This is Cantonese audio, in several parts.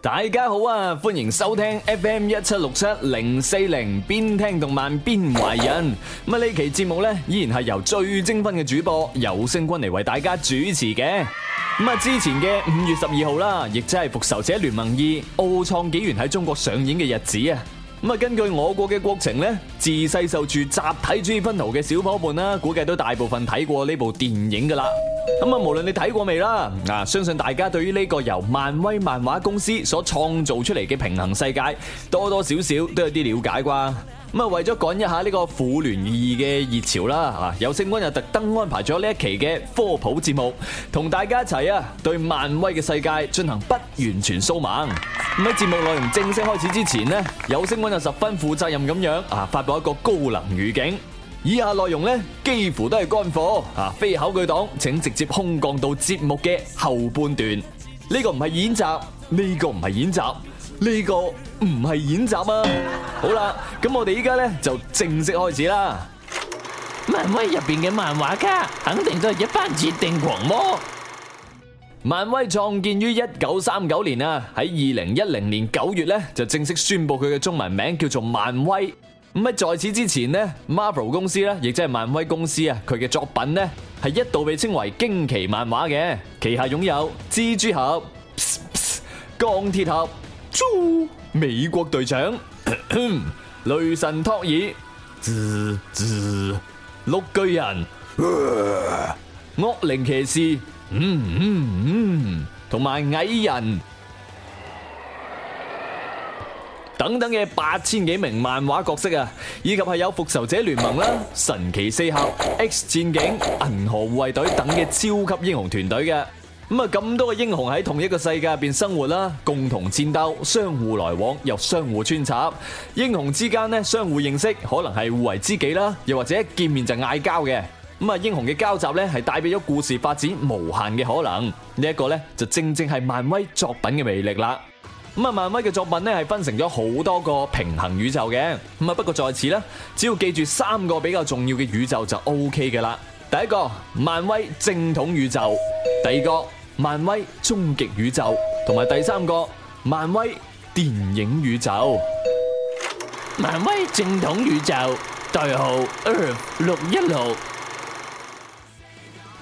大家好啊！歡迎收聽 FM 一七六七零四零，邊聽動漫邊懷孕。乜呢期節目咧，依然係由最精分嘅主播游星君嚟為大家主持嘅。咁啊，之前嘅五月十二號啦，亦即係《復仇者聯盟二：奧創紀元》喺中國上映嘅日子啊！咁啊，根據我國嘅國情咧，自細受住集體主義熏陶嘅小伙伴啦，估計都大部分睇過呢部電影噶啦。咁啊，無論你睇過未啦，啊，相信大家對於呢個由漫威漫畫公司所創造出嚟嘅平衡世界，多多少少都有啲了解啩。咁啊，為咗趕一下呢個《復聯二》嘅熱潮啦，啊，有聲君又特登安排咗呢一期嘅科普節目，同大家一齊啊，對漫威嘅世界進行不完全掃盲。咁喺節目內容正式開始之前咧，有聲君就十分負責任咁樣啊，發布一個高能預警。以下內容咧，幾乎都係乾貨啊，非考據黨請直接空降到節目嘅後半段。呢個唔係演習，呢個唔係演習。呢個唔係演習啊！好啦，咁我哋依家咧就正式開始啦。漫威入邊嘅漫畫家肯定都係一班設定狂魔。漫威創建於一九三九年啊，喺二零一零年九月咧就正式宣布佢嘅中文名叫做漫威。咁喺在此之前咧，Marvel 公司咧亦即係漫威公司啊，佢嘅作品咧係一度被稱為驚奇漫畫嘅，旗下擁有蜘蛛俠、鋼鐵俠。美國隊長，雷神托爾，滋綠巨人，惡靈騎士，嗯嗯嗯，同埋蟻人等等嘅八千幾名漫畫角色啊，以及係有復仇者聯盟啦、神奇四俠、X 戰警、銀河護衛隊等嘅超級英雄團隊嘅。咁啊，咁多個英雄喺同一個世界入邊生活啦，共同戰鬥，相互來往又相互穿插，英雄之間呢，相互認識，可能係互為知己啦，又或者一見面就嗌交嘅。咁啊，英雄嘅交集呢係帶俾咗故事發展無限嘅可能。呢一個呢就正正係漫威作品嘅魅力啦。咁啊，漫威嘅作品呢，係分成咗好多個平衡宇宙嘅。咁啊，不過在此呢，只要記住三個比較重要嘅宇宙就 OK 嘅啦。第一個，漫威正統宇宙；第二個，漫威終極宇宙同埋第三個漫威電影宇宙。漫威正統宇宙，代號六一六，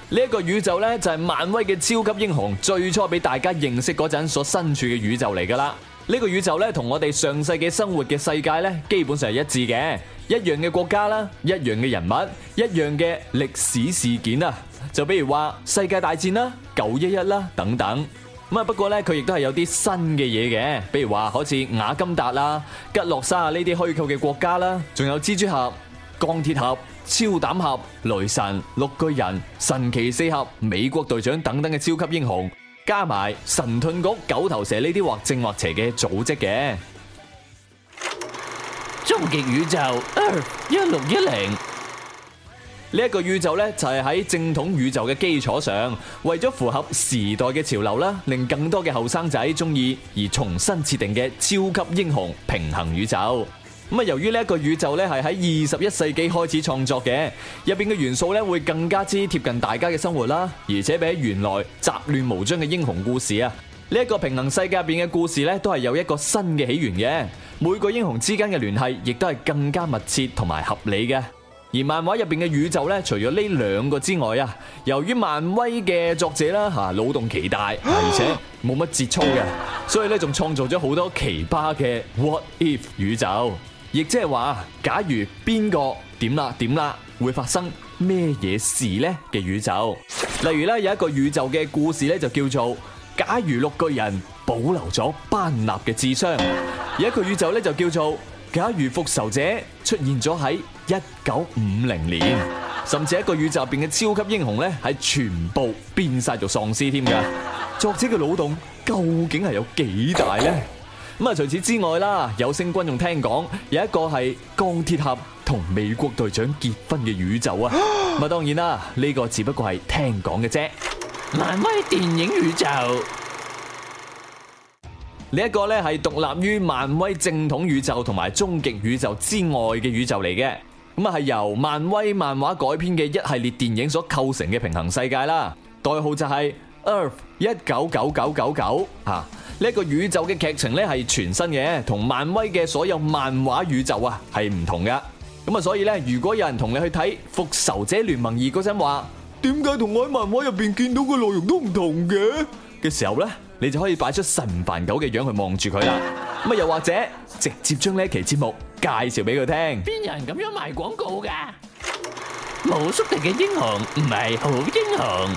呢一個宇宙咧，就係漫威嘅超級英雄最初俾大家認識嗰陣所身處嘅宇宙嚟噶啦。呢個宇宙咧，同我哋上世紀生活嘅世界咧，基本上係一致嘅，一樣嘅國家啦，一樣嘅人物，一樣嘅歷史事件啊！就比如話世界大戰啦、九一一啦等等，咁啊不過咧佢亦都係有啲新嘅嘢嘅，比如話好似瓦金達啦、吉洛沙呢啲虛構嘅國家啦，仲有蜘蛛俠、鋼鐵俠、超膽俠、雷神、綠巨人、神奇四俠、美國隊長等等嘅超級英雄，加埋神盾局、九頭蛇呢啲或正或邪嘅組織嘅終極宇宙一六一零。Earth-1610 呢一個宇宙咧就係喺正統宇宙嘅基礎上，為咗符合時代嘅潮流啦，令更多嘅後生仔中意而重新設定嘅超級英雄平衡宇宙。咁啊，由於呢一個宇宙咧係喺二十一世紀開始創作嘅，入邊嘅元素咧會更加之貼近大家嘅生活啦。而且比起原來雜亂無章嘅英雄故事啊，呢一個平衡世界入邊嘅故事咧都係有一個新嘅起源嘅。每個英雄之間嘅聯繫亦都係更加密切同埋合理嘅。而漫畫入邊嘅宇宙咧，除咗呢兩個之外啊，由於漫威嘅作者啦吓，腦洞奇大，而且冇乜節操嘅，所以咧仲創造咗好多奇葩嘅 What If 宇宙，也就是說，亦即係話假如邊個點啦點啦會發生咩嘢事咧嘅宇宙。例如咧有一個宇宙嘅故事咧就叫做假如綠巨人保留咗班納嘅智商，有一個宇宙咧就叫做，假如復仇者出現咗喺一九五零年，甚至一個宇宙入邊嘅超級英雄咧，係全部變晒做喪屍添噶，作者嘅腦洞究竟係有幾大咧？咁啊，除此之外啦，有觀眾仲聽講有一個係鋼鐵俠同美國隊長結婚嘅宇宙啊，咁啊，當然啦，呢個只不過係聽講嘅啫。漫威電影宇宙。呢一個咧係獨立於漫威正統宇宙同埋終極宇宙之外嘅宇宙嚟嘅，咁啊係由漫威漫畫改編嘅一系列電影所構成嘅平衡世界啦，代號就係 Earth 一九九九九九啊！呢個宇宙嘅劇情咧係全新嘅，同漫威嘅所有漫畫宇宙啊係唔同嘅，咁啊所以咧，如果有人同你去睇《復仇者聯盟二》嗰陣話，點解同我喺漫畫入邊見到嘅內容都唔同嘅嘅時候咧？你就可以擺出神煩狗嘅樣去望住佢啦。咁又或者直接將呢一期節目介紹俾佢聽。邊有人咁樣賣廣告噶？冇宿敵嘅英雄唔係好英雄。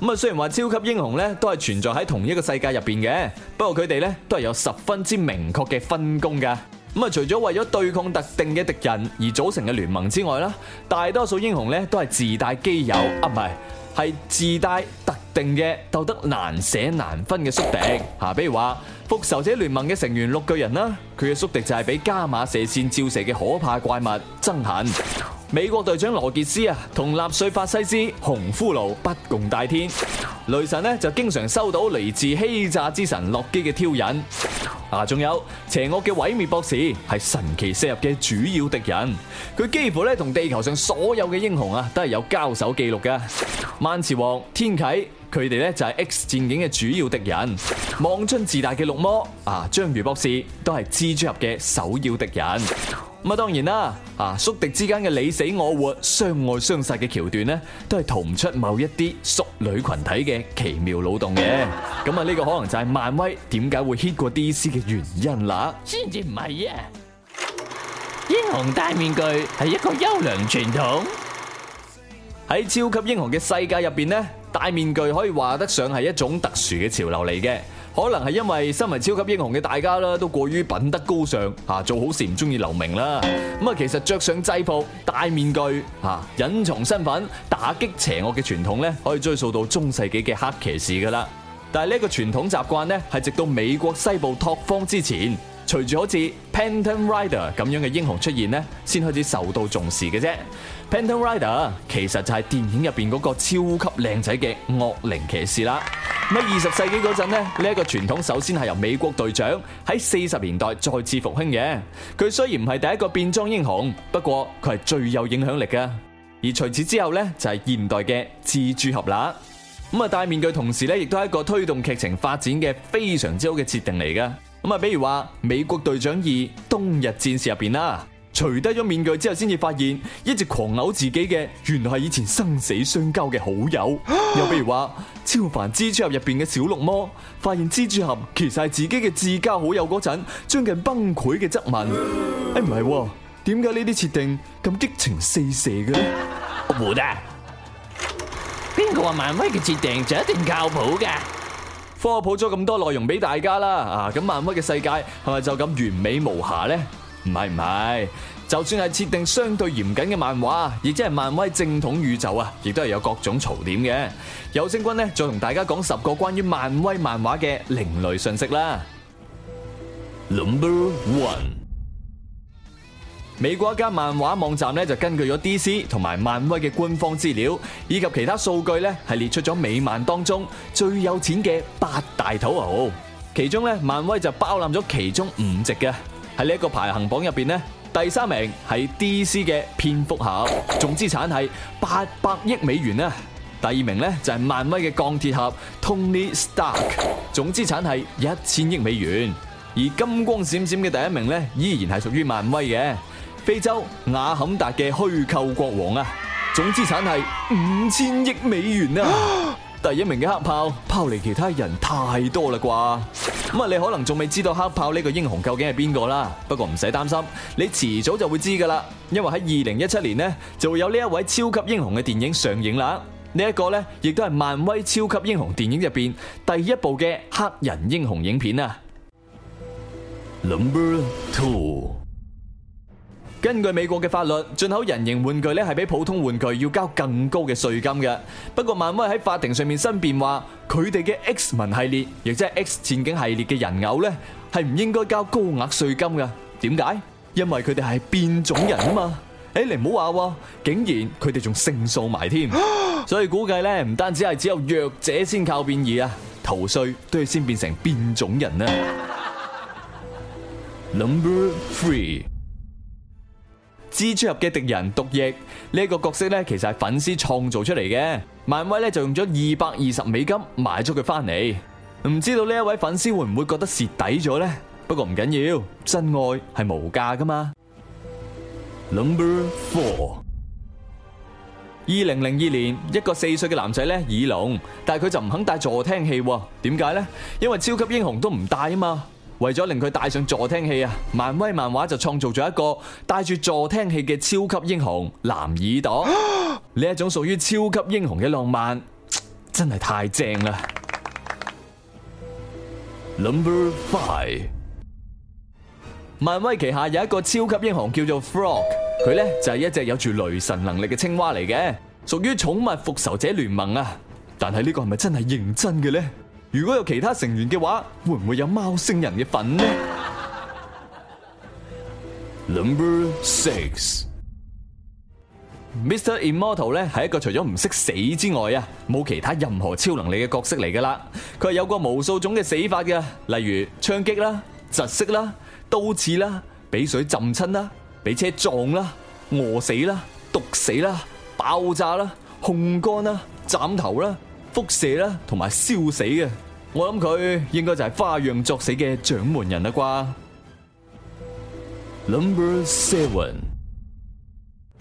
咁啊，雖然話超級英雄咧都係存在喺同一個世界入邊嘅，不過佢哋咧都係有十分之明確嘅分工㗎。咁啊，除咗為咗對抗特定嘅敵人而組成嘅聯盟之外啦，大多數英雄咧都係自帶基友啊，唔係係自帶特。定嘅鬥得難捨難分嘅宿敵，吓，比如話復仇者聯盟嘅成員綠巨人啦，佢嘅宿敵就係俾伽馬射線照射嘅可怕怪物憎恨。美國隊長羅傑斯啊，同納粹法西斯紅骷髏不共戴天。雷神呢就經常收到嚟自欺詐之神洛基嘅挑釁。啊，仲有邪惡嘅毀滅博士係神奇射入嘅主要敵人，佢幾乎咧同地球上所有嘅英雄啊都係有交手記錄嘅。萬磁王、天啟，佢哋咧就係 X 戰警嘅主要敵人。妄尊自大嘅綠魔啊，章魚博士都係蜘蛛俠嘅首要敵人。咁啊，當然啦，啊宿敵之間嘅你死我活、相愛相殺嘅橋段呢，都係逃唔出某一啲淑女群體嘅奇妙腦洞嘅。咁啊，呢個可能就係漫威點解會 hit 過 DC 嘅原因啦。先至唔係啊，英雄戴面具係一個優良傳統。喺超級英雄嘅世界入邊呢，戴面具可以話得上係一種特殊嘅潮流嚟嘅，可能係因為身為超級英雄嘅大家啦，都過於品德高尚，做好事唔中意留名啦。咁啊，其實着上制服戴面具嚇隱藏身份，打擊邪惡嘅傳統咧，可以追溯到中世紀嘅黑騎士噶啦。但係呢個傳統習慣咧，係直到美國西部拓荒之前，隨住好似 Phantom Rider 咁樣嘅英雄出現咧，先開始受到重視嘅啫。Phantom Rider 其實就係電影入邊嗰個超級靚仔嘅惡靈騎士啦。咁二十世紀嗰陣咧，呢、這、一個傳統首先係由美國隊長喺四十年代再次復興嘅。佢雖然唔係第一個變裝英雄，不過佢係最有影響力嘅。而除此之後呢，就係現代嘅蜘蛛俠。咁啊，戴面具同時呢，亦都係一個推動劇情發展嘅非常之好嘅設定嚟噶。咁啊，比如話《美國隊長二：冬日戰士》入邊啦。除低咗面具之後，先至發現一直狂毆自己嘅，原來係以前生死相交嘅好友。又比如話，超凡蜘蛛俠入邊嘅小綠魔，發現蜘蛛俠其實係自己嘅至交好友嗰陣，將近崩潰嘅質問不是。哎，唔係，點解呢啲設定咁激情四射嘅？我唔得，邊個話漫威嘅設定就一定靠譜嘅？科普咗咁多內容俾大家啦，啊，咁漫威嘅世界係咪就咁完美無瑕咧？唔係唔係，就算係設定相對嚴謹嘅漫畫，亦即係漫威正統宇宙啊，亦都係有各種槽點嘅。有星君呢，再同大家講十個關於漫威漫畫嘅另類信息啦。Number one，美國一家漫畫網站咧，就根據咗 DC 同埋漫威嘅官方資料以及其他數據咧，係列出咗美漫當中最有錢嘅八大土豪，其中咧漫威就包攬咗其中五席嘅。喺呢個排行榜入邊呢，第三名係 DC 嘅蝙蝠俠，總資產係八百億美元啊！第二名呢，就係漫威嘅鋼鐵俠 Tony Stark，總資產係一千億美元。而金光閃閃嘅第一名呢，依然係屬於漫威嘅非洲雅坎達嘅虛構國王啊，總資產係五千億美元啊！第一名嘅黑豹拋離其他人太多喇啩，咁啊你可能仲未知道黑豹呢個英雄究竟係邊個啦，不過唔使擔心，你遲早就會知噶啦，因為喺二零一七年呢就會有呢一位超級英雄嘅電影上映啦，呢、這、一個呢，亦都係漫威超級英雄電影入邊第一部嘅黑人英雄影片啊。Number two 根據美國嘅法律，進口人形玩具咧係比普通玩具要交更高嘅稅金嘅。不過漫威喺法庭上面申辯話，佢哋嘅 X 文系列，亦即係 X 戰警系列嘅人偶咧，係唔應該交高額稅金嘅。點解？因為佢哋係變種人啊嘛。 誒，你唔好話，竟然, 佢哋仲勝訴埋添。所以估計咧，唔單止係只有弱者先靠變異啊，逃稅都要先變成變種人啊。Number three。蜘蛛俠嘅敵人毒液呢個角色咧，其實係粉絲創造出嚟嘅，漫威咧就用咗二百二十美金買咗佢翻嚟，唔知道呢一位粉絲會唔會覺得蝕底咗呢？不過唔緊要，真愛係無價噶嘛。Number four，二零零二年，一個四歲嘅男仔咧耳聾，但係佢就唔肯戴助聽器，點解呢？因為超級英雄都唔戴啊嘛。為咗令佢戴上助聽器啊，漫威漫畫就創造咗一個戴住助聽器嘅超級英雄藍耳朵。呢一 種屬於超級英雄嘅浪漫，真係太正啦！Number five，漫威旗下有一個超級英雄叫做 Frog，佢咧就係、是、一隻有住雷神能力嘅青蛙嚟嘅，屬於寵物復仇者聯盟啊。但係呢個係咪真係認真嘅呢？如果有其他成員嘅話，會唔會有貓星人嘅份呢 ？Number six，Mr. Immortal 咧係一個除咗唔識死之外啊，冇其他任何超能力嘅角色嚟噶啦。佢係有過無數種嘅死法嘅，例如槍擊啦、窒息啦、刀刺啦、俾水浸親啦、俾車撞啦、餓死啦、毒死啦、爆炸啦、控乾啦、斬頭啦。輻射啦，同埋燒死嘅，我諗佢應該就係花樣作死嘅掌門人啦啩。Number seven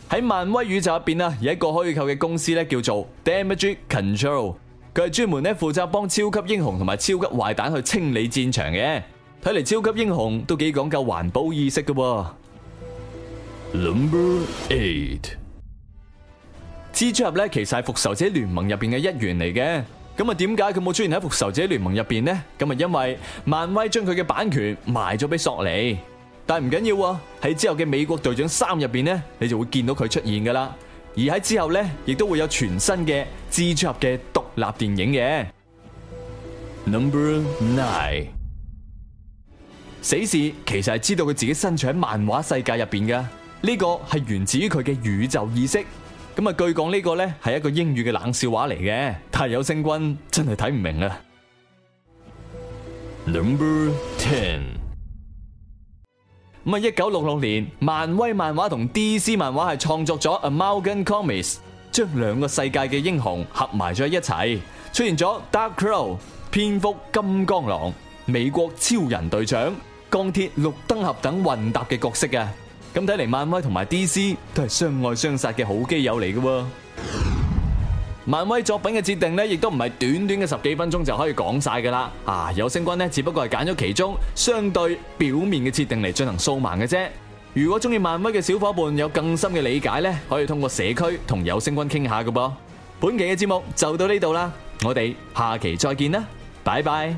喺漫威宇宙入邊啦，有一個虛構嘅公司咧，叫做 Damage Control，佢係專門咧負責幫超級英雄同埋超級壞蛋去清理戰場嘅。睇嚟超級英雄都幾講究環保意識噶。Number eight。蜘蛛俠咧，其實係復仇者聯盟入邊嘅一員嚟嘅。咁啊，點解佢冇出現喺復仇者聯盟入邊呢？咁啊，因為漫威將佢嘅版權賣咗俾索尼但不要。但係唔緊要喎，喺之後嘅美國隊長三入邊呢，你就會見到佢出現噶啦。而喺之後呢，亦都會有全新嘅蜘蛛俠嘅獨立電影嘅。Number Nine，死侍其實係知道佢自己身處喺漫畫世界入邊噶。呢個係源自於佢嘅宇宙意識。咁啊，據講呢個咧係一個英語嘅冷笑話嚟嘅，但有星君真係睇唔明啊。Number ten。咁啊，一九六六年，漫威漫畫同 DC 漫畫係創作咗《Amalgam Comics》，將兩個世界嘅英雄合埋咗一齊，出現咗 Dark Crow、蝙蝠、金剛狼、美國超人隊長、鋼鐵、綠燈俠等混搭嘅角色嘅。咁睇嚟，漫威同埋 DC 都係相愛相殺嘅好基友嚟嘅。漫威作品嘅設定咧，亦都唔係短短嘅十幾分鐘就可以講晒噶啦。啊，有聲君咧，只不過係揀咗其中相對表面嘅設定嚟進行掃盲嘅啫。如果中意漫威嘅小伙伴有更深嘅理解咧，可以通過社區同有聲君傾下嘅噃。本期嘅節目就到呢度啦，我哋下期再見啦，拜拜。